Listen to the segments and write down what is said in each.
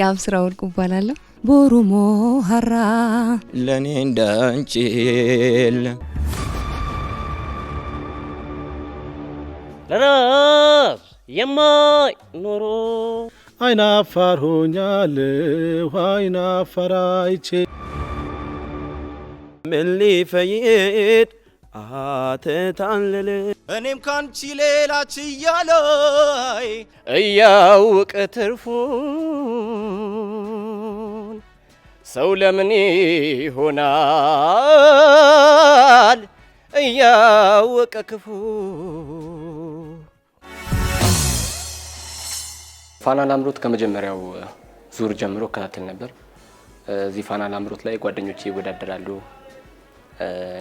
የአብ ስራ ወርቁ እባላለሁ። ቦሩሞ ሀራ ለእኔ እንዳንቺ የለም ለራስ የማይ ኖሮ አይናፋር ሆኛለሁ አይናፋር አይቼ ምን ሊፈይድ አትታልል እኔም ካንቺ ሌላ ችያለሁ እያውቅ ትርፉ ሰው ለምን ይሆናል እያወቀ ክፉ። ፋና ላምሮት ከመጀመሪያው ዙር ጀምሮ እከታተል ነበር። እዚህ ፋና ላምሮት ላይ ጓደኞቼ ይወዳደራሉ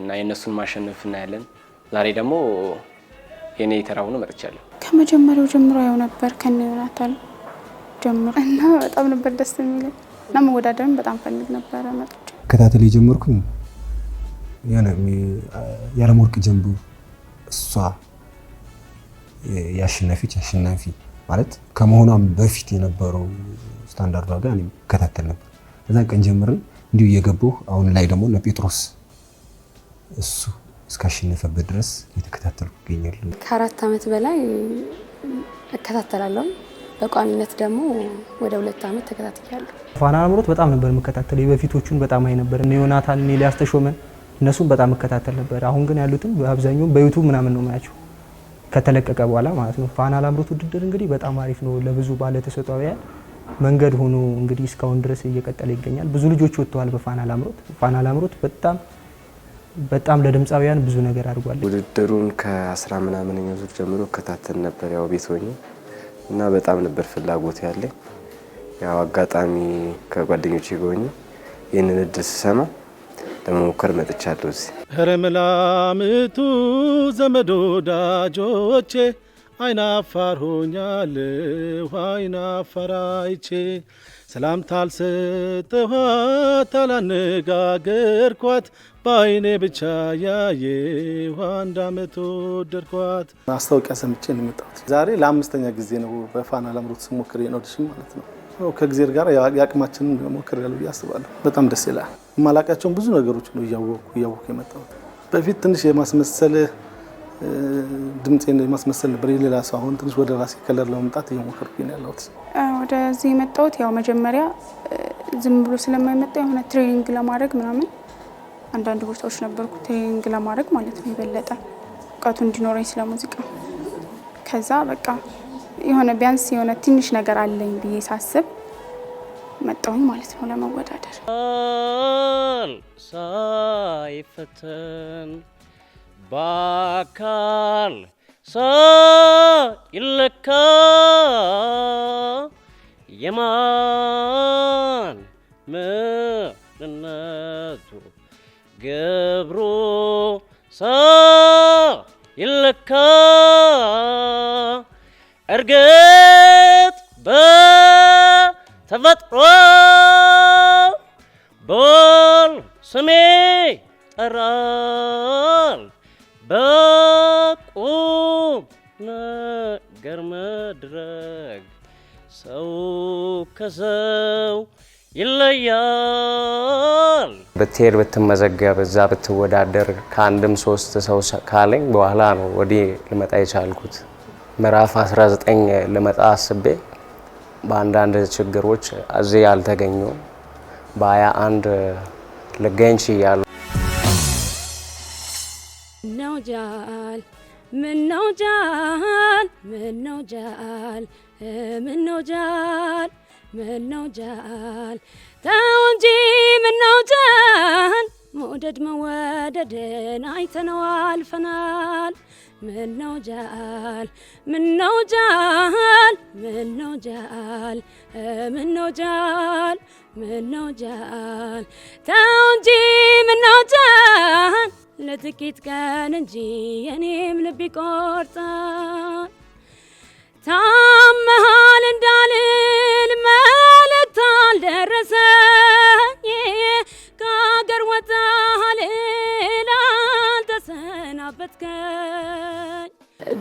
እና የእነሱን ማሸነፍ እናያለን። ዛሬ ደግሞ የኔ የተራ ሆኖ መጥቻለሁ። ከመጀመሪያው ጀምሮ ያው ነበር ከነ ዮናታን ጀምሮ እና በጣም ነበር ደስ የሚለኝ እና መወዳደርን በጣም ፈልግ ነበረ። መጥቼ ከታተል የጀመርኩኝ ያለምወርቅ ጀንቡ እሷ የአሸናፊዎች አሸናፊ ማለት ከመሆኗም በፊት የነበረው ስታንዳርድ ጋር ይከታተል ነበር። ከዛ ቀን ጀምረን እንዲሁ እየገባሁ አሁን ላይ ደግሞ ለጴጥሮስ እሱ እሱ እስካሸነፈበት ድረስ እየተከታተልኩ ይገኛሉ። ከአራት ዓመት በላይ እከታተላለሁ። በቋሚነት ደግሞ ወደ ሁለት ዓመት ተከታትያለሁ። ፋና ላምሮት በጣም ነበር የምከታተለው። የበፊቶቹን በጣም አይ ነበር እነ ዮናታን፣ እነ ኤልያስ ተሾመን እነሱን በጣም እከታተል ነበር። አሁን ግን ያሉትን በአብዛኛው በዩቱብ ምናምን ነው ማያቸው ከተለቀቀ በኋላ ማለት ነው። ፋና ላምሮት ውድድር እንግዲህ በጣም አሪፍ ነው። ለብዙ ባለተሰጥኦያን መንገድ ሆኖ እንግዲህ እስካሁን ድረስ እየቀጠለ ይገኛል። ብዙ ልጆች ወጥተዋል በፋና ላምሮት። ፋና ላምሮት በጣም በጣም ለድምፃውያን ብዙ ነገር አድርጓል። ውድድሩን ከአስራ ምናምን ዙር ጀምሮ እከታተል ነበር ያው ቤት ሆኜ እና በጣም ነበር ፍላጎት ያለኝ። ያው አጋጣሚ ከጓደኞች ጎኝ ይህንን እድል ስሰማ ለመሞከር መጥቻለሁ። እዚህ ኧረ መላምቱ ዘመድ ወዳጆቼ አይናፋር ሆኛለሁ አይናፋር አይቼ ሰላምታ አልሰጠኋት አላነጋገርኳት በአይኔ ብቻ ያየሁ አንድ አመት ወደድኳት። ማስታወቂያ ሰምቼ ነው የመጣሁት። ዛሬ ለአምስተኛ ጊዜ ነው በፋና ላምሮት ስሞክር ኦዲሽን ማለት ነው። ከጊዜር ጋር የአቅማችንን ሞክሬያለሁ ብዬ አስባለሁ። በጣም ደስ ይላል። የማላውቃቸውን ብዙ ነገሮች ነው እያወኩ እያወኩ የመጣሁት። በፊት ትንሽ የማስመሰል ድምፄን የማስመሰል ነበር የሌላ ሰው። አሁን ትንሽ ወደ ራሴ ከለር ለመምጣት እየሞከርኩ ነው ያለሁት። ወደዚህ የመጣሁት ያው መጀመሪያ ዝም ብሎ ስለማይመጣ የሆነ ትሬኒንግ ለማድረግ ምናምን አንዳንድ ቦታዎች ነበርኩ ትሬኒንግ ለማድረግ ማለት ነው የበለጠ እውቀቱ እንዲኖረኝ ስለ ሙዚቃ። ከዛ በቃ የሆነ ቢያንስ የሆነ ትንሽ ነገር አለኝ ብዬ ሳስብ መጣሁኝ ማለት ነው ለመወዳደር ሳይፈተን በአካል ሳይለካ የማን ምንነቱ ገብሮ ሰው ይለካ እርግጥ በተፈጥሮ ቦል ስሜ ጠራል በቁም ነገር መድረግ ሰው ከሰው ይለያል። ብትሄድ ብትመዘገብ እዛ ብትወዳደር ከአንድም ሶስት ሰው ካለኝ በኋላ ነው ወዲህ ልመጣ የቻልኩት። ምዕራፍ 19 ልመጣ አስቤ በአንዳንድ ችግሮች እዚህ ያልተገኙ በ አንድ ልገኝ ችያለሁ። ምነው ጃል ምነው ጃል ምነው ጃል ምነው ጃል ምነው ጃል ተው እንጂ ምነው ጃል መውደድ መወደድን አይተነው አልፈናል። ምነው ጃል ምነው ጃል ምነው ጃል ምነው ጃል ምነው ጃል ተው እንጂ ምነው ጃል ለጥቂት ቀን እንጂ የኔም ልብ ይቆርጣል።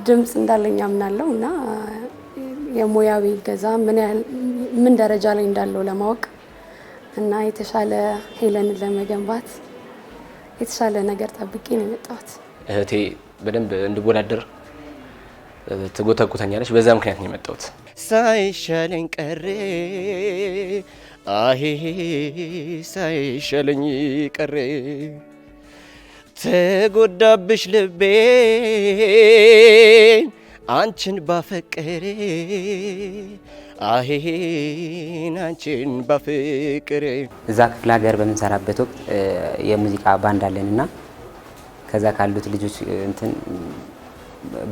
ድምፅ እንዳለኝ አምናለሁ እና የሙያዊ ገዛ ምን ደረጃ ላይ እንዳለው ለማወቅ እና የተሻለ ሄለንን ለመገንባት የተሻለ ነገር ጠብቄ ነው የመጣሁት። እህቴ በደንብ እንድወዳደር ትጎተጉተኛለች። በዛ ምክንያት ነው የመጣሁት። ሳይሻለኝ ቀሬ አሄ ሳይሻለኝ ቀሬ ተጎዳብሽ ልቤ አንቺን ባፈቀሬ አሄን አንቺን ባፈቀሬ። እዛ ክፍለ ሀገር በምንሰራበት ወቅት የሙዚቃ ባንድ አለን እና ከዛ ካሉት ልጆች እንትን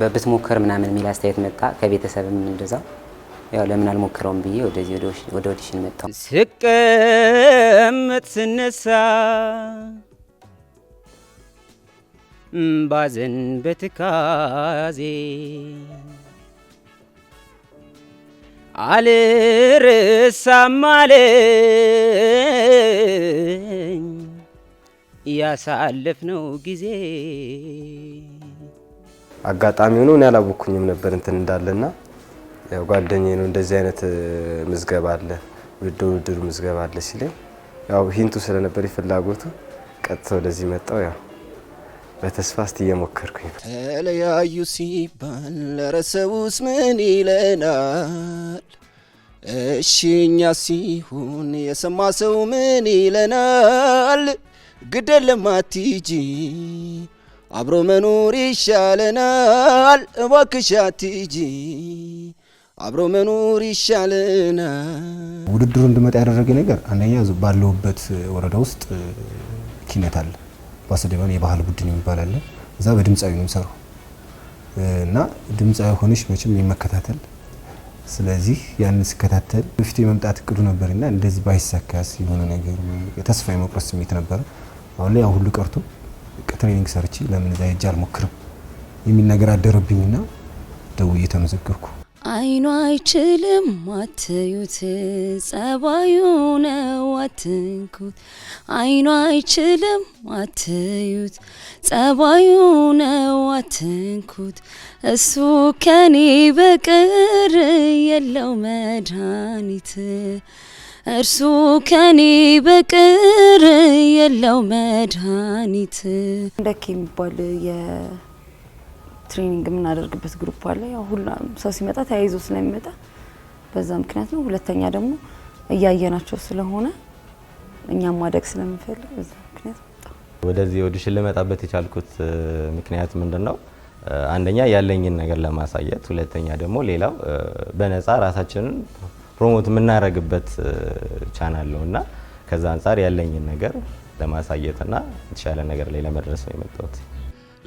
ብትሞክር ምናምን የሚል አስተያየት መጣ። ከቤተሰብም እንደዛው ያው ለምን አልሞክረውም ብዬ ወደዚህ ወደ ኦዲሽን መጣሁ። ስቀመጥ ስነሳ ባዘን በትካዜ አልርሳም አለኝ ያሳለፍነው ጊዜ። አጋጣሚ ሆኖ እኔ አላወቅኩኝም ነበር እንትን እንዳለና ያው ጓደኛዬ ነው እንደዚህ አይነት ምዝገባ አለ ውድድር ውድድሩ ምዝገባ አለ ሲለኝ ያው ሂንቱ ስለነበር የፍላጎቱ ቀጥታ ወደዚህ መጣው ያው በተስፋ ስት እየሞከርኩኝ ተለያዩ ሲባል ለረሰውስ ምን ይለናል? እሺኛ ሲሆን የሰማ ሰው ምን ይለናል? ግደለም አትሂጂ አብሮ መኖር ይሻለናል። እባክሽ አትሂጂ አብሮ መኖር ይሻለናል። ውድድሩ እንድመጣ ያደረገ ነገር አንደኛ ባለውበት ወረዳ ውስጥ ኪነት አለ በአሰደባን የባህል ቡድን የሚባል አለ። እዛ በድምፃዊ ነው የምሰራው እና ድምፃዊ ሆነሽ መቼም የመከታተል ስለዚህ ያንን ስከታተል በፊት የመምጣት እቅዱ ነበር እና እንደዚህ ባይሳካስ የሆነ ነገር የተስፋ የመቁረጥ ስሜት ነበረ። አሁን ላይ ሁሉ ቀርቶ ትሬኒንግ ሰርቼ ለምን እዛ ሄጄ አልሞክርም የሚል ነገር አደረብኝና ደውዬ ተመዘገብኩ። አይኗ አይችልም አትዩት፣ ጸባዩ ነው አትንኩት። አይኗ አይችልም አትዩት፣ ጸባዩ ነው አትንኩት። እሱ ከኔ በቀር የለው መድኃኒት፣ እርሱ ከኔ በቀር የለው መድኃኒት። እንደክ የሚባል ትሬኒንግ የምናደርግበት ግሩፕ አለ። ያው ሰው ሲመጣ ተያይዞ ስለሚመጣ በዛ ምክንያት ነው። ሁለተኛ ደግሞ እያየናቸው ስለሆነ እኛም ማደግ ስለምንፈልግ በዛ ምክንያት ወደዚህ ኦዲሽን ልመጣበት የቻልኩት ምክንያት ምንድን ነው? አንደኛ ያለኝን ነገር ለማሳየት፣ ሁለተኛ ደግሞ ሌላው በነፃ ራሳችንን ፕሮሞት የምናደርግበት ቻናል ነው እና ከዛ አንጻር ያለኝን ነገር ለማሳየትና የተሻለ ነገር ላይ ለመድረስ ነው የመጣሁት።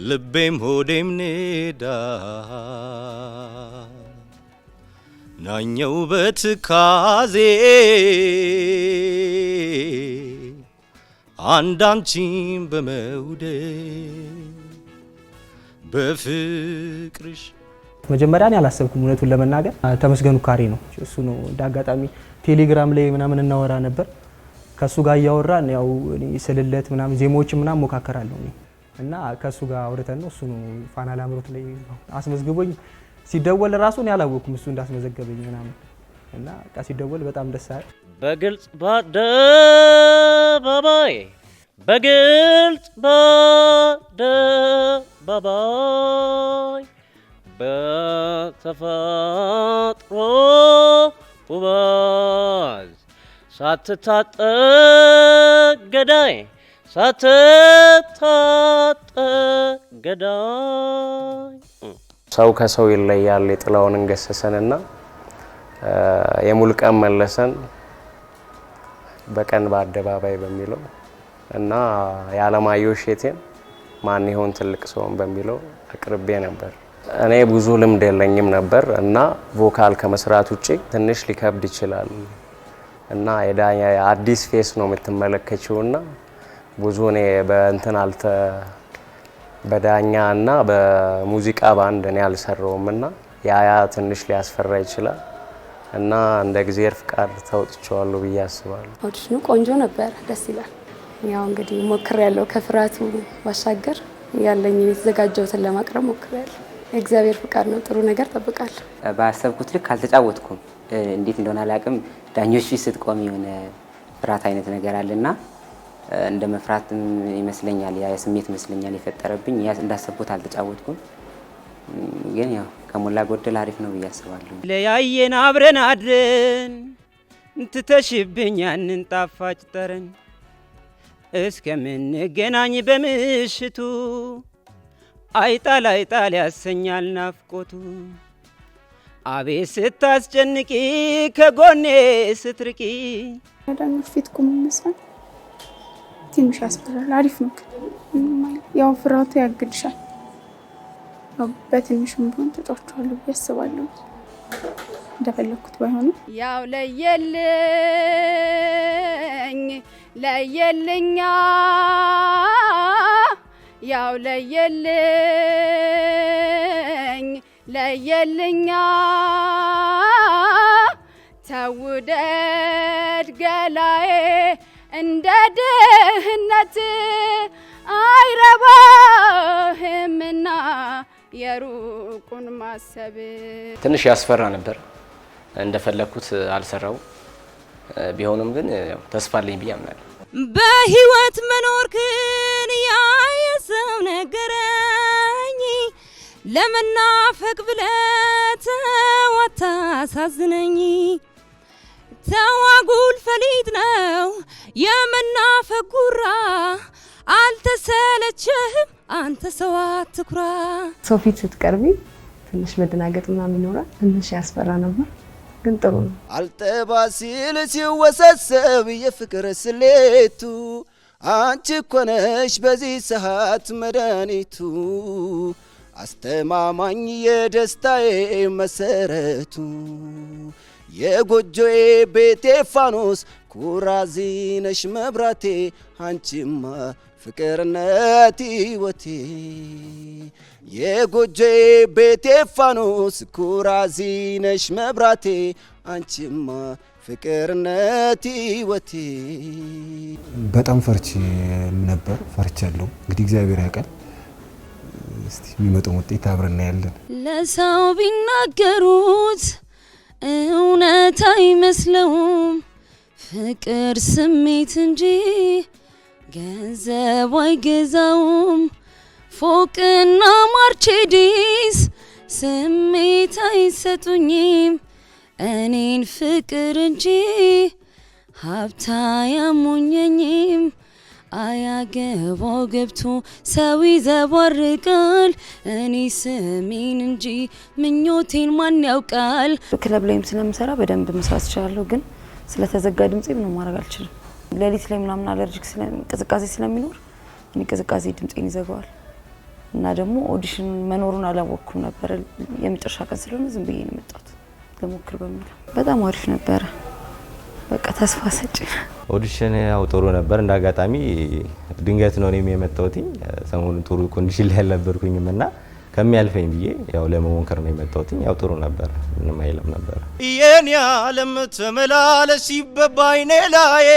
ልቤም ሆዴም ኔዳ ናኘው በትካዜ አንዳንቺም በመውደድ በፍቅርሽ መጀመሪያ እኔ አላሰብኩም። እውነቱን ለመናገር ተመስገኑ ካሬ ነው እሱ ነው። እንደ አጋጣሚ ቴሌግራም ላይ ምናምን እናወራ ነበር። ከእሱ ጋር እያወራን ያው ስልለት ምናምን ዜማዎች ምናምን ሞካከራለሁ። እና ከእሱ ጋር አውርተን ነው እሱ ፋና ላምሮት ላይ አስመዝግቦኝ ሲደወል ራሱ እኔ አላወቅኩም እሱ እንዳስመዘገበኝ ምናምን እና ቃ ሲደወል በጣም ደስ አለ። በግልጽ በአደባባይ በግልጽ በአደባባይ በተፈጥሮ ውበት ሳትታጠቅ ገዳይ ገዳይ ሰው ከሰው ይለያል። የጥላውን እንገሰሰንና የሙልቀን መለሰን በቀን በአደባባይ በሚለው እና የአለማየሁ እሸቴን ማን ይሆን ትልቅ ሰውን በሚለው አቅርቤ ነበር። እኔ ብዙ ልምድ የለኝም ነበር እና ቮካል ከመስራት ውጭ ትንሽ ሊከብድ ይችላል እና የዳኛ አዲስ ፌስ ነው የምትመለከችውና ብዙ እኔ በእንትን አልተ በዳኛ እና በሙዚቃ ባንድ እኔ አልሰራውም እና ያያ ትንሽ ሊያስፈራ ይችላል እና እንደ እግዚአብሔር ፍቃድ ተውጥቸዋሉ ብዬ አስባለሁ። ኦዲሽኑ ቆንጆ ነበር፣ ደስ ይላል። ያው እንግዲህ ሞክር ያለው ከፍርሃቱ ባሻገር ያለኝ የተዘጋጀውትን ለማቅረብ ሞክሬያለሁ። እግዚአብሔር ፍቃድ ነው። ጥሩ ነገር ጠብቃለሁ። ባሰብኩት ልክ አልተጫወትኩም። እንዴት እንደሆነ አላውቅም። ዳኞች ስትቆም የሆነ ፍርሃት አይነት ነገር አለና እንደ መፍራት ይመስለኛል ያ ስሜት ይመስለኛል የፈጠረብኝ። እንዳሰብኩት አልተጫወትኩም፣ ግን ያው ከሞላ ጎደል አሪፍ ነው ብዬ አስባለሁ። ለያየን አብረን አድረን እንትተሽብኝ ያንን ጣፋጭ ጠረን እስከምንገናኝ በምሽቱ አይጣል አይጣል ያሰኛል ናፍቆቱ። አቤት ስታስጨንቂ ከጎኔ ስትርቂ ፊት ቁም ይመስላል ትንሽ ያስፈራል። አሪፍ ነው ያው ፍርሃቱ ያግድሻል። በትንሽም ቢሆን ተጫውቻለሁ ብዬ አስባለሁ። እንደፈለግኩት ባይሆንም ያው ለየልኝ ለየልኛ ያው ለየልኝ ለየልኛ ተውደድ ገላዬ እንደ ድህነት አይረባህምና የሩቁን ማሰብ ትንሽ ያስፈራ ነበር። እንደፈለግኩት አልሰራው ቢሆንም ግን ተስፋ አለኝ ብዬ አምናለሁ። በህይወት መኖርክን ያየ ሰው ነገረኝ። ለመናፈቅ ብለህ ተው አታሳዝነኝ። ተዋጉል ፈሊጥ ነው የመናፈቅ ጉራ አልተሰለቸህም አንተ ሰው አትኩራ። ሰው ፊት ስትቀርቢ ትንሽ መደናገጥ ምናምን ይኖራል። ትንሽ ያስፈራ ነበር ግን ጥሩ ነው። አልጠባ ሲል ሲወሳሰብ የፍቅር ስሌቱ አንቺ እኮ ነሽ በዚህ ሰዓት መድኃኒቱ አስተማማኝ የደስታዬ መሰረቱ የጎጆዬ ቤቴ ፋኖስ ኩራዚነሽ መብራቴ አንቺማ ፍቅርነት ሕይወቴ የጎጆ ቤቴ ፋኖስ ኩራዚነሽ መብራቴ አንቺማ ፍቅርነት ሕይወቴ። በጣም ፈርች ነበር ፈርቻለሁ። እንግዲህ እግዚአብሔር ያውቃል። እስቲ የሚመጣውን ውጤት አብረን እናያለን። ለሰው ቢናገሩት እውነት አይመስለውም ፍቅር ስሜት እንጂ ገንዘብ አይገዛውም። ፎቅና ማርቼዲስ ስሜት አይሰጡኝም። እኔን ፍቅር እንጂ ሀብታ ያሞኘኝም። አያገባው ገብቶ ሰው ይዘባርቃል። እኔ ስሜን እንጂ ምኞቴን ማን ያውቃል? ክለብ ላይም ስለምሰራ በደንብ መስራት እችላለሁ ግን ስለተዘጋ ድምጼ ምንም ማድረግ አልችልም። ሌሊት ላይ ምናምን አለርጂክ ቅዝቃዜ ስለሚኖር እኔ ቅዝቃዜ ድምፄን ይዘጋዋል እና ደግሞ ኦዲሽን መኖሩን አላወቅኩም ነበረ። የመጨረሻ ቀን ስለሆነ ዝም ብዬ ነው የመጣሁት ለሞክር በሚል በጣም አሪፍ ነበረ። በቃ ተስፋ ሰጭ ኦዲሽን ያው ጥሩ ነበር። እንደ አጋጣሚ ድንገት ነው እኔም የመጣሁት። ሰሞኑን ጥሩ ኮንዲሽን ላይ አልነበርኩኝም እና ከሚያልፈኝ ብዬ ያው ለመሞከር ነው የመጣሁት። ያው ጥሩ ነበር፣ ምንም አይልም ነበረ። የኔ ዓለም ተመላለስ በባይኔ ላይ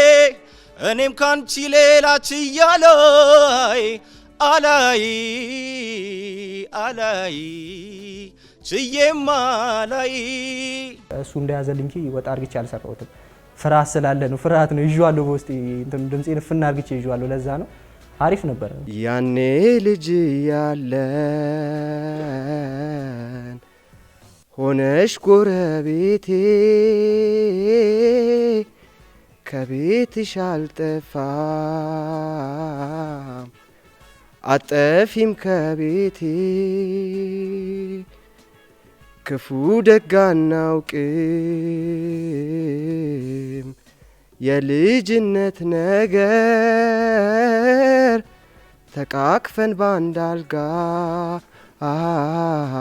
እኔም ካንቺ ሌላ ችያለይ አላይ አላይ ችዬማ ላይ እሱ እንደያዘልኝ እንጂ ወጣ አርግቼ አልሰራሁትም። ፍርሃት ስላለ ነው። ፍርሃት ነው ይዤዋለሁ በውስጤ ድምፄን ፍና አርግቼ ይዤዋለሁ። ለዛ ነው አሪፍ ነበር። ያኔ ልጅ ያለን ሆነሽ ጎረቤቴ ከቤትሽ አልጠፋም አጠፊም ከቤቴ ክፉ ደጋ አናውቅም የልጅነት ነገር ተቃቅፈን ባንዳልጋ አልጋ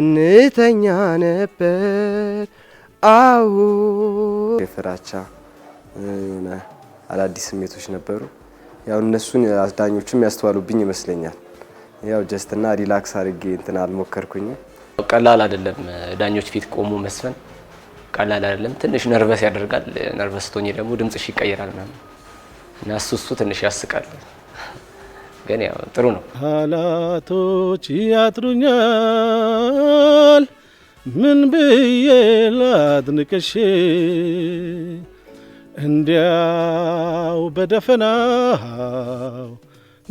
እንተኛ ነበር። አዎ የፍራቻ የሆነ አዳዲስ ስሜቶች ነበሩ። ያው እነሱን አዳኞቹም ያስተዋሉብኝ ይመስለኛል። ያው ጀስትና ሪላክስ አድርጌ እንትን አልሞከርኩኝም። ቀላል አይደለም ዳኞች ፊት ቆሞ መስፈን ቀላል አይደለም። ትንሽ ነርቨስ ያደርጋል። ነርቨስ ቶኝ ደግሞ ድምጽሽ ይቀየራል ምናምን እና እሱ እሱ ትንሽ ያስቃል፣ ግን ያው ጥሩ ነው። ሀላቶች ያጥሩኛል ምን ብዬ ላድንቅሽ እንዲያው በደፈናው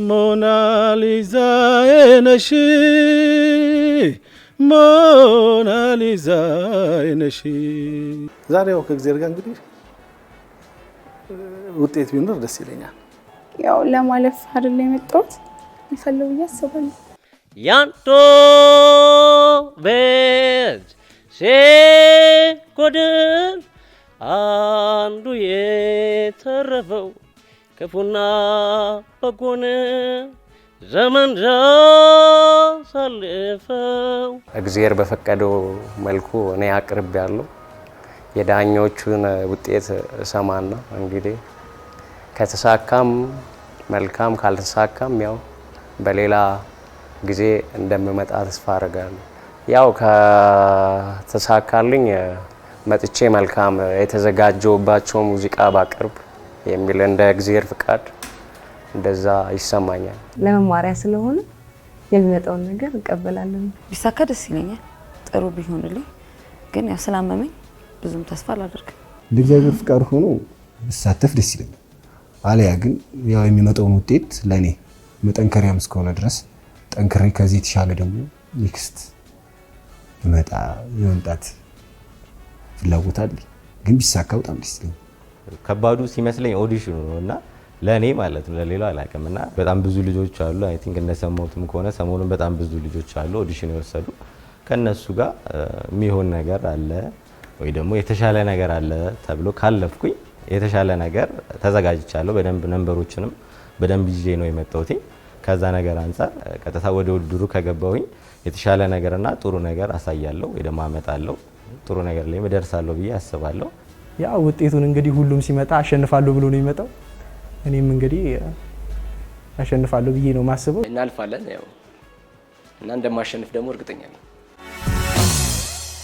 ሞናሊዛ የነሽ ሞናሊዛ አይነሽ። ዛሬ ያው ከእግዜር ጋር እንግዲህ ውጤት ቢኖር ደስ ይለኛል። ያው ለማለፍ አይደለ የመጣሁት ይፈለው ብዬ አስባለሁ። ያንቶ በጅ ሴጎድል አንዱ የተረፈው ክፉና በጎን ዘመን ያሳልፈው እግዚአብሔር በፈቀደው መልኩ እኔ አቅርብ ያለው የዳኞቹን ውጤት እሰማና እንግዲህ ከተሳካም መልካም ካልተሳካም ያው በሌላ ጊዜ እንደምመጣ ተስፋ አድርጋለሁ። ያው ከተሳካልኝ መጥቼ መልካም የተዘጋጀውባቸው ሙዚቃ ባቅርብ የሚል እንደ እግዚአብሔር ፍቃድ እንደዛ ይሰማኛል። ለመማሪያ ስለሆነ የሚመጣውን ነገር እቀበላለሁ። ቢሳካ ደስ ይለኛል፣ ጥሩ ቢሆንልኝ። ግን ያው ስላመመኝ ብዙም ተስፋ አላደርግም። እንደ እግዚአብሔር ፍቃድ ሆኖ ብሳተፍ ደስ ይለኛል። አለያ ግን ያው የሚመጣውን ውጤት ለእኔ መጠንከሪያም እስከሆነ ድረስ ጠንክሬ ከዚህ የተሻለ ደግሞ ኔክስት መጣ የመምጣት ፍላጎት አለ። ግን ቢሳካ በጣም ደስ ይለኛል። ከባዱ ሲመስለኝ ኦዲሽኑ ነው እና ለእኔ ማለት ነው። ለሌላው አላውቅም። እና በጣም ብዙ ልጆች አሉ። አይ ቲንክ እንደሰማሁትም ከሆነ ሰሞኑን በጣም ብዙ ልጆች አሉ ኦዲሽን የወሰዱ ከእነሱ ጋር የሚሆን ነገር አለ ወይ ደግሞ የተሻለ ነገር አለ ተብሎ ካለፍኩኝ የተሻለ ነገር ተዘጋጅቻለሁ። በደንብ ነንበሮችንም በደንብ ይዤ ነው የመጣሁት። ከዛ ነገር አንጻር ቀጥታ ወደ ውድድሩ ከገባሁኝ የተሻለ ነገርና ጥሩ ነገር አሳያለሁ ወይ ደግሞ አመጣለሁ። ጥሩ ነገር ላይ እደርሳለሁ ብዬ አስባለሁ። ያው ውጤቱን እንግዲህ ሁሉም ሲመጣ አሸንፋለሁ ብሎ ነው የሚመጣው እኔም እንግዲህ አሸንፋለሁ ብዬ ነው ማስበው እናልፋለን ያው እና እንደማሸንፍ ደግሞ እርግጠኛ ነኝ።